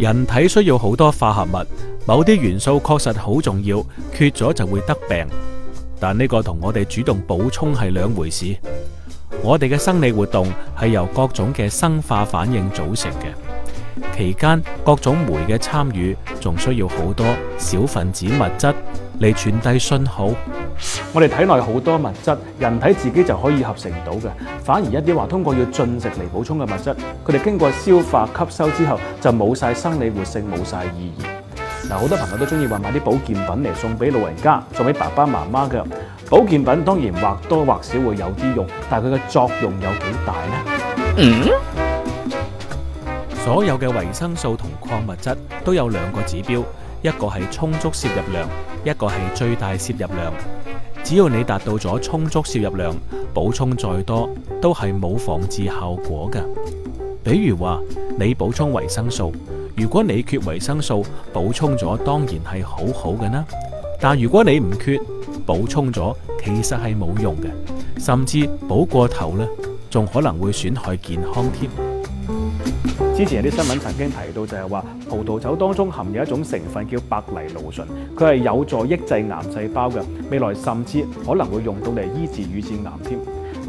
人體需要好多化合物，某啲元素確實好重要，缺咗就會得病。但呢個同我哋主動補充係兩回事。我哋嘅生理活動係由各種嘅生化反應組成嘅，期間各種酶嘅參與，仲需要好多小分子物質嚟傳遞信號。我哋體內好多物質，人體自己就可以合成到嘅，反而一啲話通過要進食嚟補充嘅物質，佢哋經過消化吸收之後就冇晒生理活性，冇晒意義。嗱，好多朋友都中意話買啲保健品嚟送俾老人家，送俾爸爸媽媽嘅保健品，當然或多或少會有啲用，但係佢嘅作用有幾大呢？嗯，所有嘅維生素同礦物質都有兩個指標，一個係充足攝入量，一個係最大攝入量。只要你達到咗充足攝入量，補充再多都係冇防治效果嘅。比如話你補充維生素，如果你缺維生素，補充咗當然係好好嘅啦。但如果你唔缺，補充咗其實係冇用嘅，甚至補過頭呢，仲可能會損害健康添。之前有啲新聞曾經提到就，就係話葡萄酒當中含有一種成分叫白藜蘆醇，佢係有助抑制癌細胞嘅，未來甚至可能會用到嚟醫治乳腺癌添。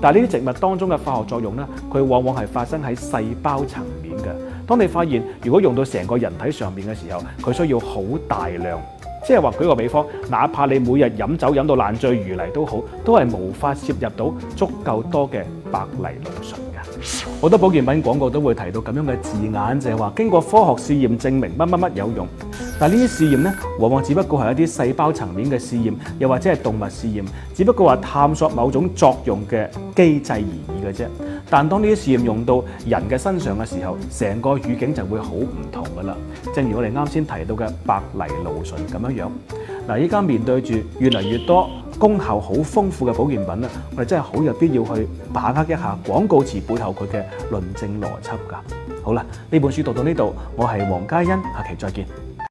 但係呢啲植物當中嘅化學作用咧，佢往往係發生喺細胞層面嘅。當你發現如果用到成個人體上面嘅時候，佢需要好大量。即係話舉個比方，哪怕你每日飲酒飲到爛醉如泥都好，都係無法攝入到足夠多嘅白藜蘆醇㗎。好多保健品廣告都會提到咁樣嘅字眼，就係話經過科學試驗證明乜乜乜有用。嗱，呢啲試驗咧，往往只不過係一啲細胞層面嘅試驗，又或者係動物試驗，只不過話探索某種作用嘅機制而已嘅啫。但當呢啲試驗用到人嘅身上嘅時候，成個語境就會好唔同噶啦。正如我哋啱先提到嘅白藜蘆醇咁樣樣。嗱，依家面對住越嚟越多功效好豐富嘅保健品咧，我哋真係好有必要去把握一下廣告詞背後佢嘅論證邏輯㗎。好啦，呢本書讀到呢度，我係黃嘉欣，下期再見。